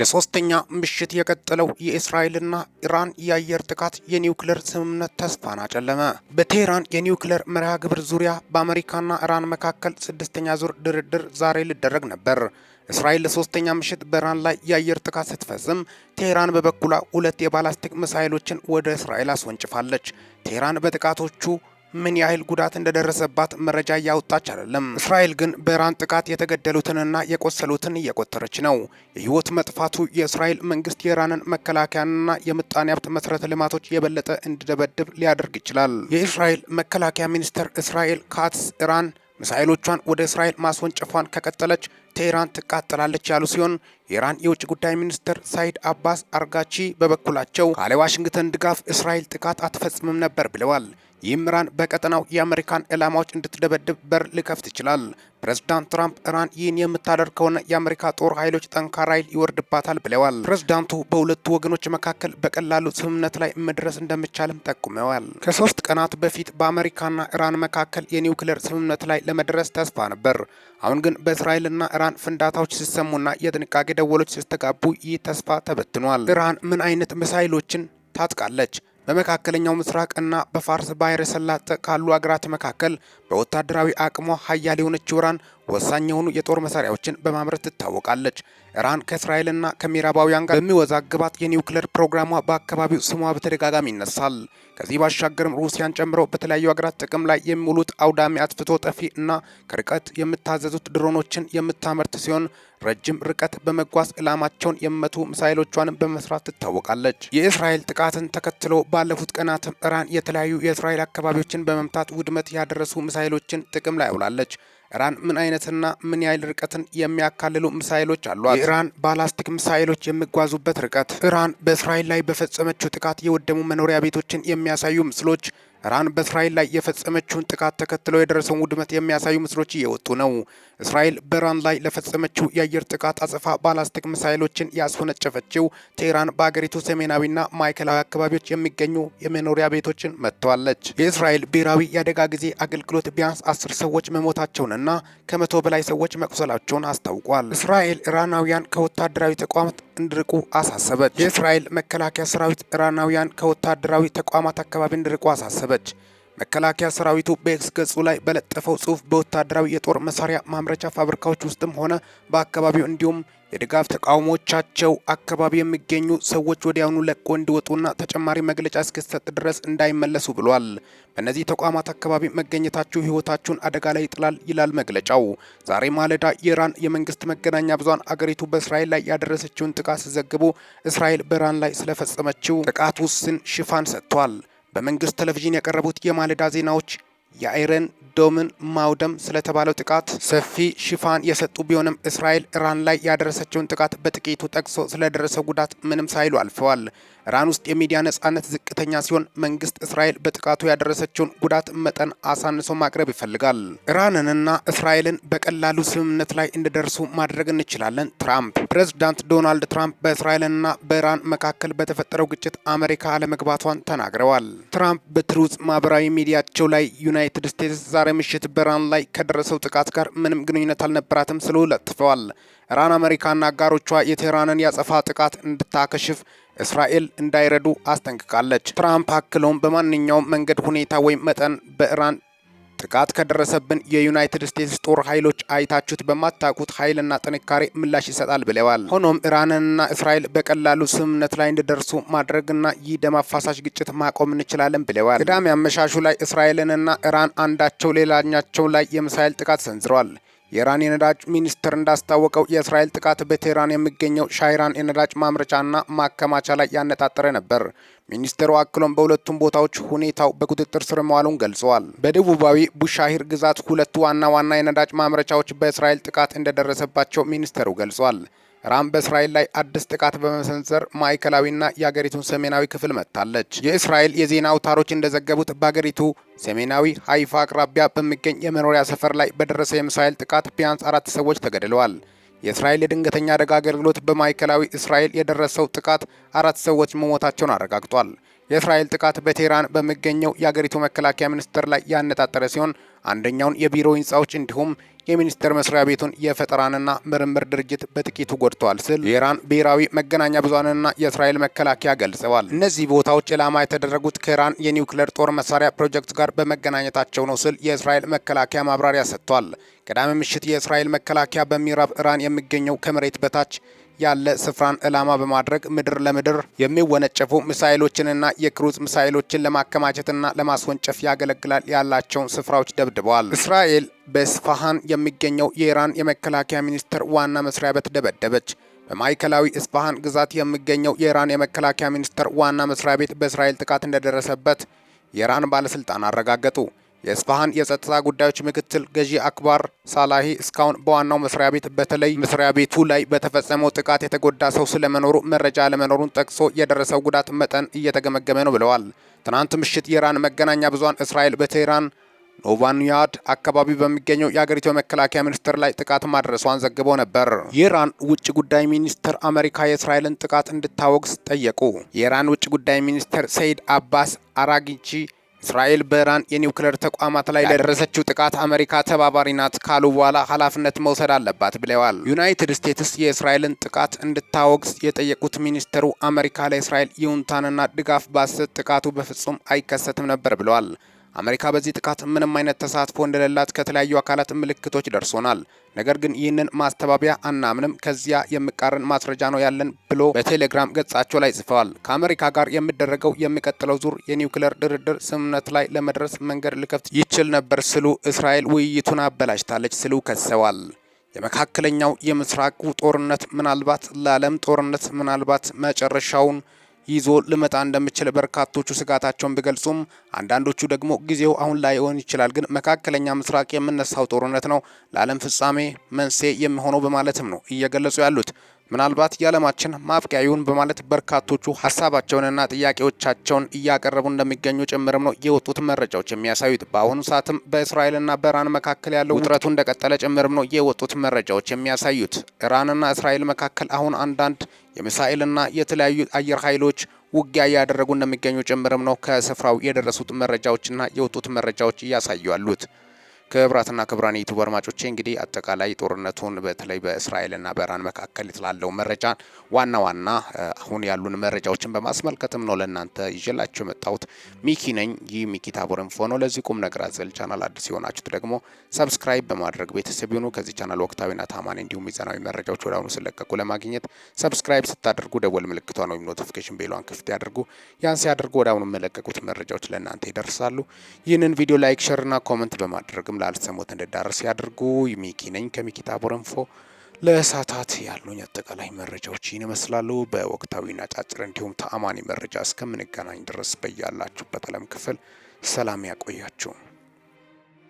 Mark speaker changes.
Speaker 1: ለሶስተኛ ምሽት የቀጠለው የእስራኤልና ኢራን የአየር ጥቃት የኒውክሌር ስምምነት ተስፋን አጨለመ። በቴህራን የኒውክሌር መርሃ ግብር ዙሪያ በአሜሪካና ኢራን መካከል ስድስተኛ ዙር ድርድር ዛሬ ሊደረግ ነበር። እስራኤል ለሶስተኛ ምሽት በኢራን ላይ የአየር ጥቃት ስትፈጽም፣ ቴህራን በበኩሏ ሁለት የባላስቲክ ሚሳይሎችን ወደ እስራኤል አስወንጭፋለች። ቴህራን በጥቃቶቹ ምን ያህል ጉዳት እንደደረሰባት መረጃ እያወጣች አይደለም። እስራኤል ግን በኢራን ጥቃት የተገደሉትንና የቆሰሉትን እየቆጠረች ነው። የህይወት መጥፋቱ የእስራኤል መንግስት የኢራንን መከላከያና የምጣኔ ሀብት መሰረተ ልማቶች የበለጠ እንዲደበድብ ሊያደርግ ይችላል። የእስራኤል መከላከያ ሚኒስትር እስራኤል ካትስ ኢራን ሚሳኤሎቿን ወደ እስራኤል ማስወንጨፏን ከቀጠለች ቴህራን ትቃጠላለች ያሉ ሲሆን የኢራን የውጭ ጉዳይ ሚኒስትር ሳይድ አባስ አርጋቺ በበኩላቸው ካለ ዋሽንግተን ድጋፍ እስራኤል ጥቃት አትፈጽምም ነበር ብለዋል። ይህም ኢራን በቀጠናው የአሜሪካን ዕላማዎች እንድትደበድብ በር ሊከፍት ይችላል። ፕሬዝዳንት ትራምፕ ኢራን ይህን የምታደርግ ከሆነ የአሜሪካ ጦር ኃይሎች ጠንካራ ኃይል ይወርድባታል ብለዋል። ፕሬዝዳንቱ በሁለቱ ወገኖች መካከል በቀላሉ ስምምነት ላይ መድረስ እንደሚቻልም ጠቁመዋል። ከሶስት ቀናት በፊት በአሜሪካና ኢራን መካከል የኒውክሌር ስምምነት ላይ ለመድረስ ተስፋ ነበር። አሁን ግን በእስራኤልና ኢራን ፍንዳታዎች ሲሰሙና የጥንቃቄ ደወሎች ሲስተጋቡ ይህ ተስፋ ተበትኗል። ኢራን ምን አይነት ሚሳይሎችን ታጥቃለች? በመካከለኛው ምስራቅና በፋርስ ባህረ ሰላጤ ካሉ አገራት መካከል በወታደራዊ አቅሟ ሀያል የሆነች ኢራን ወሳኝ የሆኑ የጦር መሳሪያዎችን በማምረት ትታወቃለች። ኢራን ከእስራኤልና ከምዕራባውያን ጋር በሚወዛግባት የኒውክሌር ፕሮግራሟ በአካባቢው ስሟ በተደጋጋሚ ይነሳል። ከዚህ ባሻገርም ሩሲያን ጨምሮ በተለያዩ ሀገራት ጥቅም ላይ የሚውሉት አውዳሚ አጥፍቶ ጠፊ እና ከርቀት የምታዘዙት ድሮኖችን የምታመርት ሲሆን ረጅም ርቀት በመጓዝ ዕላማቸውን የመቱ ሚሳይሎቿን በመስራት ትታወቃለች። የእስራኤል ጥቃትን ተከትሎ ባለፉት ቀናትም ኢራን የተለያዩ የእስራኤል አካባቢዎችን በመምታት ውድመት ያደረሱ ሚሳይሎችን ጥቅም ላይ አውላለች። ኢራን ምን አይነትና ምን ያህል ርቀትን የሚያካልሉ ሚሳይሎች አሏት? የኢራን ባላስቲክ ሚሳይሎች የሚጓዙበት ርቀት፣ ኢራን በእስራኤል ላይ በፈጸመችው ጥቃት የወደሙ መኖሪያ ቤቶችን የሚያሳዩ ምስሎች ኢራን በእስራኤል ላይ የፈጸመችውን ጥቃት ተከትለው የደረሰውን ውድመት የሚያሳዩ ምስሎች እየወጡ ነው። እስራኤል በኢራን ላይ ለፈጸመችው የአየር ጥቃት አጽፋ ባላስቲክ ሚሳይሎችን ያስወነጨፈችው ቴህራን በአገሪቱ ሰሜናዊና ማዕከላዊ አካባቢዎች የሚገኙ የመኖሪያ ቤቶችን መጥተዋለች። የእስራኤል ብሔራዊ የአደጋ ጊዜ አገልግሎት ቢያንስ አስር ሰዎች መሞታቸውንና ከመቶ በላይ ሰዎች መቁሰላቸውን አስታውቋል። እስራኤል ኢራናውያን ከወታደራዊ ተቋማት እንዲርቁ አሳሰበች። የእስራኤል መከላከያ ሰራዊት ኢራናውያን ከወታደራዊ ተቋማት አካባቢ እንዲርቁ አሳሰበች። መከላከያ ሰራዊቱ በኤክስ ገጹ ላይ በለጠፈው ጽሁፍ በወታደራዊ የጦር መሳሪያ ማምረቻ ፋብሪካዎች ውስጥም ሆነ በአካባቢው እንዲሁም የድጋፍ ተቃውሞቻቸው አካባቢ የሚገኙ ሰዎች ወዲያውኑ ለቆ እንዲወጡና ተጨማሪ መግለጫ እስኪሰጥ ድረስ እንዳይመለሱ ብሏል። በእነዚህ ተቋማት አካባቢ መገኘታችሁ ህይወታቸውን አደጋ ላይ ይጥላል ይላል መግለጫው። ዛሬ ማለዳ የኢራን የመንግስት መገናኛ ብዙሃን አገሪቱ በእስራኤል ላይ ያደረሰችውን ጥቃት ሲዘግቡ እስራኤል በኢራን ላይ ስለፈጸመችው ጥቃት ውስን ሽፋን ሰጥቷል። በመንግስት ቴሌቪዥን የቀረቡት የማለዳ ዜናዎች የአይረን ዶምን ማውደም ስለተባለው ጥቃት ሰፊ ሽፋን የሰጡ ቢሆንም እስራኤል ኢራን ላይ ያደረሰችውን ጥቃት በጥቂቱ ጠቅሶ ስለደረሰው ጉዳት ምንም ሳይሉ አልፈዋል። ኢራን ውስጥ የሚዲያ ነጻነት ዝቅተኛ ሲሆን መንግስት እስራኤል በጥቃቱ ያደረሰችውን ጉዳት መጠን አሳንሶ ማቅረብ ይፈልጋል። ኢራንንና እስራኤልን በቀላሉ ስምምነት ላይ እንዲደርሱ ማድረግ እንችላለን። ትራምፕ ፕሬዝዳንት ዶናልድ ትራምፕ በእስራኤልና በኢራን መካከል በተፈጠረው ግጭት አሜሪካ አለመግባቷን ተናግረዋል። ትራምፕ በትሩዝ ማህበራዊ ሚዲያቸው ላይ ዩናይትድ ስቴትስ ዛሬ ምሽት በኢራን ላይ ከደረሰው ጥቃት ጋር ምንም ግንኙነት አልነበራትም ስሉ ለጥፈዋል። ኢራን አሜሪካና አጋሮቿ የቴህራንን ያጸፋ ጥቃት እንድታከሽፍ እስራኤል እንዳይረዱ አስጠንቅቃለች። ትራምፕ አክለውም በማንኛውም መንገድ ሁኔታ ወይም መጠን በኢራን ጥቃት ከደረሰብን የዩናይትድ ስቴትስ ጦር ኃይሎች አይታችሁት በማታውቁት ኃይልና ጥንካሬ ምላሽ ይሰጣል ብለዋል። ሆኖም ኢራንና እስራኤል በቀላሉ ስምምነት ላይ እንዲደርሱ ማድረግና ይህ ደም አፋሳሽ ግጭት ማቆም እንችላለን ብለዋል። ቅዳሜ አመሻሹ ላይ እስራኤልንና ኢራን አንዳቸው ሌላኛቸው ላይ የሚሳኤል ጥቃት ሰንዝረዋል። የኢራን የነዳጅ ሚኒስቴር እንዳስታወቀው የእስራኤል ጥቃት በቴህራን የሚገኘው ሻይራን የነዳጅ ማምረቻና ማከማቻ ላይ ያነጣጠረ ነበር። ሚኒስትሩ አክሎም በሁለቱም ቦታዎች ሁኔታው በቁጥጥር ስር መዋሉን ገልጸዋል። በደቡባዊ ቡሻሂር ግዛት ሁለቱ ዋና ዋና የነዳጅ ማምረቻዎች በእስራኤል ጥቃት እንደደረሰባቸው ሚኒስቴሩ ገልጿል። ኢራን በእስራኤል ላይ አዲስ ጥቃት በመሰንዘር ማዕከላዊና የአገሪቱን ሰሜናዊ ክፍል መታለች። የእስራኤል የዜና አውታሮች እንደዘገቡት በአገሪቱ ሰሜናዊ ሀይፋ አቅራቢያ በሚገኝ የመኖሪያ ሰፈር ላይ በደረሰ የሚሳኤል ጥቃት ቢያንስ አራት ሰዎች ተገድለዋል። የእስራኤል የድንገተኛ አደጋ አገልግሎት በማዕከላዊ እስራኤል የደረሰው ጥቃት አራት ሰዎች መሞታቸውን አረጋግጧል። የእስራኤል ጥቃት በቴህራን በሚገኘው የአገሪቱ መከላከያ ሚኒስቴር ላይ ያነጣጠረ ሲሆን አንደኛውን የቢሮ ህንፃዎች እንዲሁም የሚኒስቴር መስሪያ ቤቱን የፈጠራንና ምርምር ድርጅት በጥቂቱ ጎድተዋል ሲል የኢራን ብሔራዊ መገናኛ ብዙሃንና የእስራኤል መከላከያ ገልጸዋል። እነዚህ ቦታዎች ኢላማ የተደረጉት ከኢራን የኒውክሌር ጦር መሳሪያ ፕሮጀክት ጋር በመገናኘታቸው ነው ሲል የእስራኤል መከላከያ ማብራሪያ ሰጥቷል። ቅዳሜ ምሽት የእስራኤል መከላከያ በምዕራብ ኢራን የሚገኘው ከመሬት በታች ያለ ስፍራን ዕላማ በማድረግ ምድር ለምድር የሚወነጨፉ ሚሳይሎችንና የክሩዝ ሚሳይሎችን ለማከማቸትና ለማስወንጨፍ ያገለግላል ያላቸውን ስፍራዎች ደብድበዋል። እስራኤል በስፋሃን የሚገኘው የኢራን የመከላከያ ሚኒስቴር ዋና መስሪያ ቤት ደበደበች። በማዕከላዊ እስፋሃን ግዛት የሚገኘው የኢራን የመከላከያ ሚኒስቴር ዋና መስሪያ ቤት በእስራኤል ጥቃት እንደደረሰበት የኢራን ባለስልጣን አረጋገጡ። የእስፋሃን የጸጥታ ጉዳዮች ምክትል ገዢ አክባር ሳላሂ እስካሁን በዋናው መስሪያ ቤት በተለይ መስሪያ ቤቱ ላይ በተፈጸመው ጥቃት የተጎዳ ሰው ስለመኖሩ መረጃ አለመኖሩን ጠቅሶ የደረሰው ጉዳት መጠን እየተገመገመ ነው ብለዋል። ትናንት ምሽት የኢራን መገናኛ ብዙሃን እስራኤል በቴህራን ኖቫንያድ አካባቢ በሚገኘው የአገሪቱ የመከላከያ ሚኒስቴር ላይ ጥቃት ማድረሷን ዘግበው ነበር። የኢራን ውጭ ጉዳይ ሚኒስትር አሜሪካ የእስራኤልን ጥቃት እንድታወግዝ ጠየቁ። የኢራን ውጭ ጉዳይ ሚኒስትር ሰይድ አባስ አራጊቺ እስራኤል በኢራን የኒውክሌር ተቋማት ላይ ለደረሰችው ጥቃት አሜሪካ ተባባሪ ናት ካሉ በኋላ ኃላፊነት መውሰድ አለባት ብለዋል። ዩናይትድ ስቴትስ የእስራኤልን ጥቃት እንድታወግዝ የጠየቁት ሚኒስትሩ አሜሪካ ለእስራኤል ይሁንታንና ድጋፍ ባሰጥ ጥቃቱ በፍጹም አይከሰትም ነበር ብለዋል። አሜሪካ በዚህ ጥቃት ምንም አይነት ተሳትፎ እንደሌላት ከተለያዩ አካላት ምልክቶች ደርሶናል። ነገር ግን ይህንን ማስተባበያ አናምንም፣ ከዚያ የሚቃረን ማስረጃ ነው ያለን ብሎ በቴሌግራም ገጻቸው ላይ ጽፈዋል። ከአሜሪካ ጋር የሚደረገው የሚቀጥለው ዙር የኒውክሌር ድርድር ስምምነት ላይ ለመድረስ መንገድ ሊከፍት ይችል ነበር ስሉ እስራኤል ውይይቱን አበላሽታለች ስሉ ከሰዋል። የመካከለኛው የምስራቁ ጦርነት ምናልባት ለዓለም ጦርነት ምናልባት መጨረሻውን ይዞ ልመጣ እንደምችል በርካቶቹ ስጋታቸውን ቢገልጹም አንዳንዶቹ ደግሞ ጊዜው አሁን ላይ ሆን ይችላል፣ ግን መካከለኛ ምስራቅ የምነሳው ጦርነት ነው ለዓለም ፍጻሜ መንስኤ የሚሆነው በማለትም ነው እየገለጹ ያሉት። ምናልባት የዓለማችን ማብቂያ ይሁን በማለት በርካቶቹ ሀሳባቸውንና ጥያቄዎቻቸውን እያቀረቡ እንደሚገኙ ጭምርም ነው የወጡት መረጃዎች የሚያሳዩት። በአሁኑ ሰዓትም በእስራኤልና በኢራን መካከል ያለው ውጥረቱ እንደቀጠለ ጭምርም ነው የወጡት መረጃዎች የሚያሳዩት። ኢራንና እስራኤል መካከል አሁን አንዳንድ የሚሳኤልና የተለያዩ አየር ኃይሎች ውጊያ እያደረጉ እንደሚገኙ ጭምርም ነው ከስፍራው የደረሱት መረጃዎችና የወጡት መረጃዎች እያሳዩ ያሉት። ክብራትና ክብራን ዩቱብ አድማጮቼ እንግዲህ አጠቃላይ ጦርነቱን በተለይ በእስራኤልና በኢራን መካከል የተላለው መረጃ ዋና ዋና አሁን ያሉን መረጃዎችን በማስመልከትም ነው ለእናንተ ይዤላችሁ የመጣሁት። ሚኪ ነኝ። ይህ ሚኪ ታቦር ኢንፎ ነው። ለዚህ ቁም ነገር አዘል ቻናል አዲስ የሆናችሁት ደግሞ ሰብስክራይብ በማድረግ ቤተሰብ ይሁኑ። ከዚህ ቻናል ወቅታዊና ታማኝ እንዲሁም ሚዛናዊ መረጃዎች ወደ አሁኑ ስለቀቁ ለማግኘት ሰብስክራይብ ስታደርጉ ደወል ምልክቷን ወይም ኖቲፊኬሽን ቤሏን ክፍት ያደርጉ። ያን ሲያደርጉ ወደ አሁኑ የሚለቀቁት መረጃዎች ለእናንተ ይደርሳሉ። ይህንን ቪዲዮ ላይክ፣ ሸርና ኮመንት በማድረግም ላልሰሙት እንድዳረስ ያድርጉ። ሚኪ ነኝ ከሚኪታ ቦረንፎ። ለእሳታት ያሉኝ አጠቃላይ መረጃዎች ይህን ይመስላሉ። በወቅታዊና ጫጭር እንዲሁም ተአማኒ መረጃ እስከምንገናኝ ድረስ በያላችሁበት ዓለም ክፍል ሰላም ያቆያችሁ።